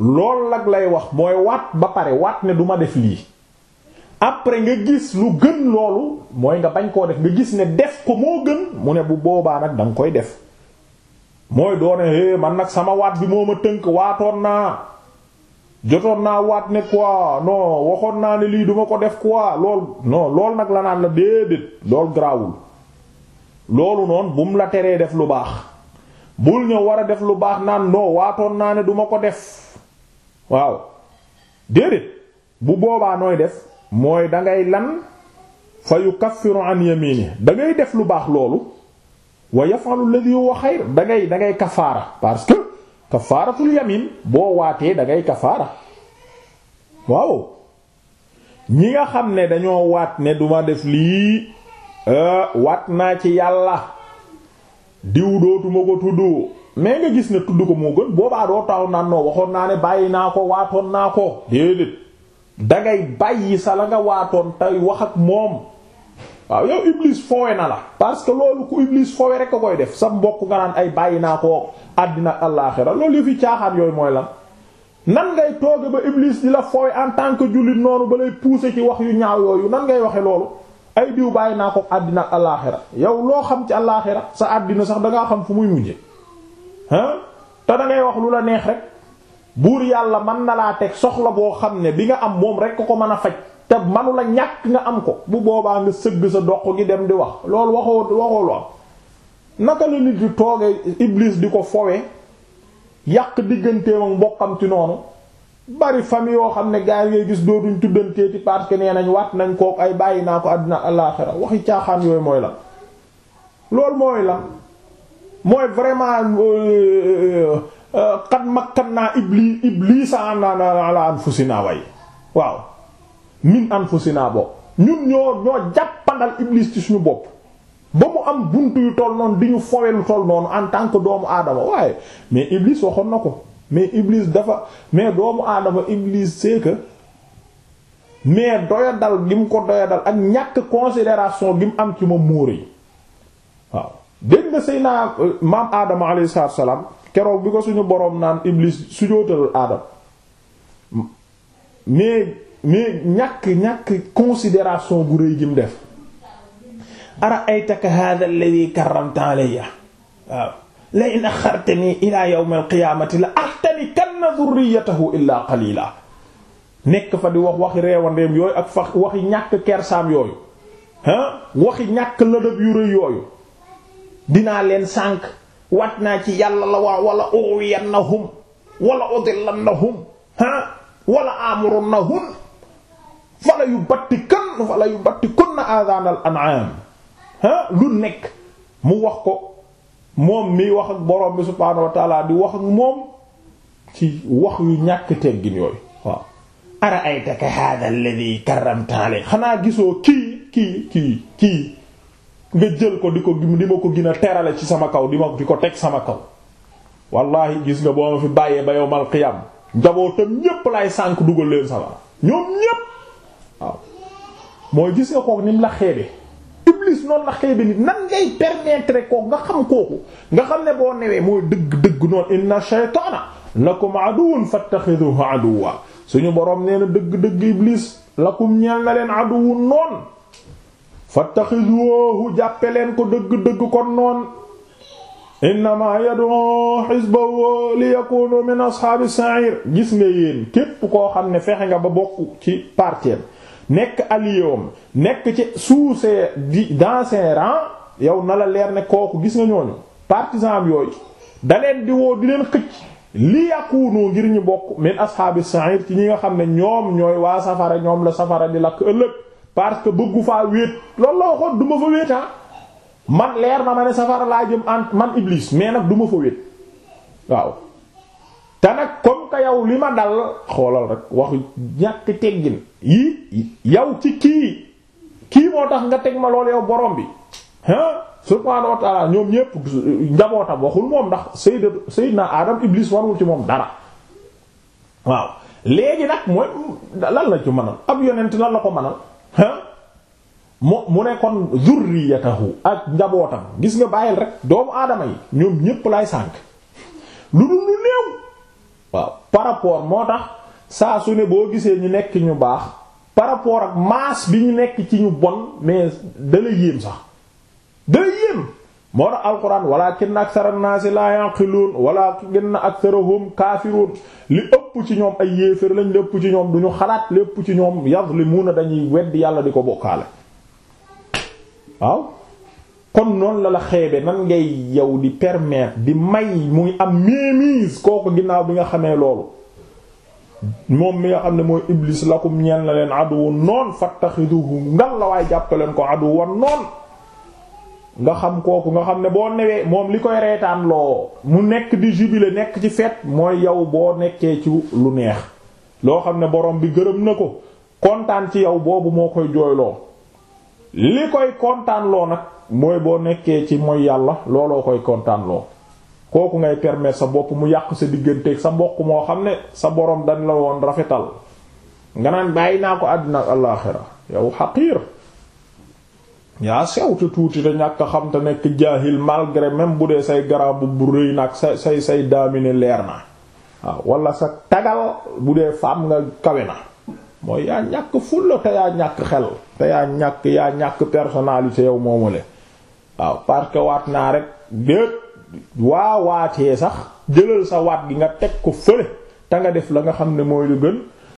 loolu nag lay wax mooy waat ba pare waat ne du ma def lii après nga gis lu gën loolu mooy nga bañ koo def nga gis ne def ko moo gën mu ne bu boobaa nag da koy def mooy doone hé man nag sama waat bi moo ma tënk waatoon naa jotoon naa waat ne quoi non waxoon naa ne lii duma ko def quoi lool non loolu nag la naan la déedéet loolu garaawul loolu noonu bu mu la teree def lu baax bul ñëw war a def lu baax naan non waatoon naa ne duma ko def waaw déedéet bu boobaa nooy def mooy dangay lan fa yukaffiru an yamini da def lu baax loolu wa yafalu alladhi huwa xayr da kafaara parce que kafaaratul yamin boo waatee da ngay kafaara waaw ñi nga xam ne dañoo waat ne duma def lii euh, waat naa ci yàlla diw dootuma ko tudd mais nga gis ne tudd ko moo gën boobaa doo taw naan noo waxoon naa ne bàyyi naa ko waatoon naa ko déedéet dangay bàyyi sa la nga waatoon tey wax ak moom waaw yow Iblis fowe na la parce que loolu ku Iblis fowe rek a koy def sa mbokk nga naan ay bàyyi naa ko àddina àllaaxira loolu yëfi caaxaan yooyu mooy lan nan ngay tooge ba Iblis di la fowe en tant que jullit noonu ba lay pousser ci wax yu ñaaw yooyu nan ngay waxe loolu ay diw bàyyi naa ko àddina àllaaxira yow loo xam ci àllaaxira sa àddina sax dangaa xam fu muy mujje te da wax lu la neex rek buur yàlla mën na laa teg soxla boo xam ne bi nga am moom rek ko mën a faj te manu la ñàkk nga am ko bu boobaa nga sëgg sa doq gi dem di wax loolu waxoo waxoo lu am naka la nit di tooge iblis di ko fowe yàq digganteem ak mbokkam ci noonu bari famille yoo xam ne gaa yi ngay gis dootuñ tuddanteeti parce que nee nañu waat nañ kook ay bàyyi naa ko àddina alaaxira waxi caaxaan yooyu mooy la loolu mooy la mooy vraiment euh, euh, euh, qad makkannaa ibli iblisa ala anfusina way waaw min anfusina bopp ñun ñoo ñoo jàppandal iblis ci suñu bopp ba mu am bunt yu toll noonu di ñu fowe lu toll noonu en tant que doomu aadama waaye mais iblis waxoon na ko mais iblis dafa mais doomu aadama iblis c'est mais doya dal gi mu ko doya ak ñàkk considération gi mu am ci ma muur yi waaw dégg nga sëy naa euh, maam aadama alayhi salaatu salaam keroog bi ko suñu boroom naan iblis sujjóotal aadama mais mais ñàkk ñàkk considération gu rëy gi mu def ara aytaka hadha alladhi karramta alayya waaw la in axartani ila yawm alqiyamati la ahtanikanna dhurriyyatahu illa qalila nekk fa di wax waxi reewandeem yooyu ak fa waxi ñàkk kersaam yooyu waxi ñàkk ladab yu rëy yooyu dinaa leen sànk wat naa ci yàlla la waa wala uwiyannahum wala udillannahum ha wala amurannahum fala yu batti kan fala yu batti kun na aadaanal an'am ha lu nekk mu wax ko moom miy wax ak borom bi subhaanahu di wax ak moom ci wax yu ñàkk teggin yooyu waaw ara aytaka hadha alladhi karramta alayhi xanaa gisoo kii kii kii kii nga jël ko di ko di ma ko gën a terale ci sama kaw di ma di ko teg sama kaw wallahi gis nga boo ma fi bàyyee ba yowmal qiyam njabootam ñépp lay sànk dugal leen sama ñoom ñépp waaw mooy gis nga kook nim la xeebe iblis noonu la xeebe nit nan ngay permettre kook nga xam kooku nga xam ne boo newee mooy dëgg dëgg noonu inna shaytaana lakum aduwwun fattaxiduhu aduwwa suñu boroom nee na dëgg dëgg iblis lakum ñeel na leen aduwwun noon fattaxizuuhu jàppe leen ko dëgg-dëgg kon noon innama yad'u hizbahu liyakunu min ashaabi sa'ir gis nga yéen képp koo xam ne fexe nga ba bokk ci parteem nekk alliéwam nekk ci sous ses di dans yow na la leer ne kooku gis nga ñooñu partisan am yooyu da leen di woo di leen xëcc liyakunu ngir ñu bokk min ashaabi sa'ir ci ñi nga xam ne ñoom ñooy waa safara ñoom la safara di lakk ëllëg parce que bëggu faa wéet loolu la waxoon du ma fa wéet ah. man leer na ma ne safara laa jëm ant man iblis mais nag duma ma fa wéet waaw te nag comme que yow li ma dal xoolal rek waxu ñàkk teggin yii yow ci kii kii moo tax nga teg ma lool yow borom bi ah subhaanahu wa ta'ala ñoom ñépp njabootam waxul moom ndax sayyid sayyidna adam iblis warul ci moom dara waaw léegi nag mooy lan la ci mënal ab yonent lan la ko mënal mu mu ne kon zurriyatahu ak njabootam gis nga bàyyil rek doomu aadama yi ñoom ñépp lay sànk lu dul lu néew waaw par moo tax saa su ne boo gisee ñu nekk ñu baax par rapport ak masse bi ñu nekk ci ñu bon mais dala yéem sax dala yéem moo tax alquran walaakinna aksara naasi laa yaqiluun walaakinna aksarahum kaafiruun li ëpp ci ñoom ay yéeféer lañ li ëpp ci ñoom du ñu xalaat li ëpp ci ñoom yazlimuuna dañuy weddi yàlla di ko bokkaale waaw kon noonu la la xeebe nan ngay yow di permettre di may muy am mémise kooku ginnaaw bi nga xamee loolu moom mi nga xam ne mooy iblis lakum ñeen la leen aduwu noon fattaxiduhu ngal la waaye jàppaleen ko aduwan noon nga xam kooku nga xam ne boo newee moom li koy reetaan loo mu nekk di jubile nekk ci fête mooy yow boo nekkee ci lu neex loo xam ne borom bi gërëm na ko kontaan ci yow boobu moo koy jooyloo li koy kontaan loo nag mooy boo nekkee ci mooy yàlla looloo koy kontaan loo kooku ngay permet sa bopp mu yàq sa digganteeg sa mbokk moo xam ne sa borom dañ la woon rafetal nga naan bàyyi naa ko àddina ak àllaaxira yow xaqiir yaa sew te tuuti te ñàkk xam te nekk jaahil malgré même bu dee say garab bu rëy nag say say say daamine leer na waaw wala sa tagal bu dee faam nga kawe na mooy yaa ñàkk fulla te yaa ñàkk xel te yaa ñàkk yaa ñàkk personnalité yow moomule waaw parce que waat naa rek déet waa waatee sax jëlal sa waat gi nga teg ko fële te nga def la nga xam ne mooy lu gën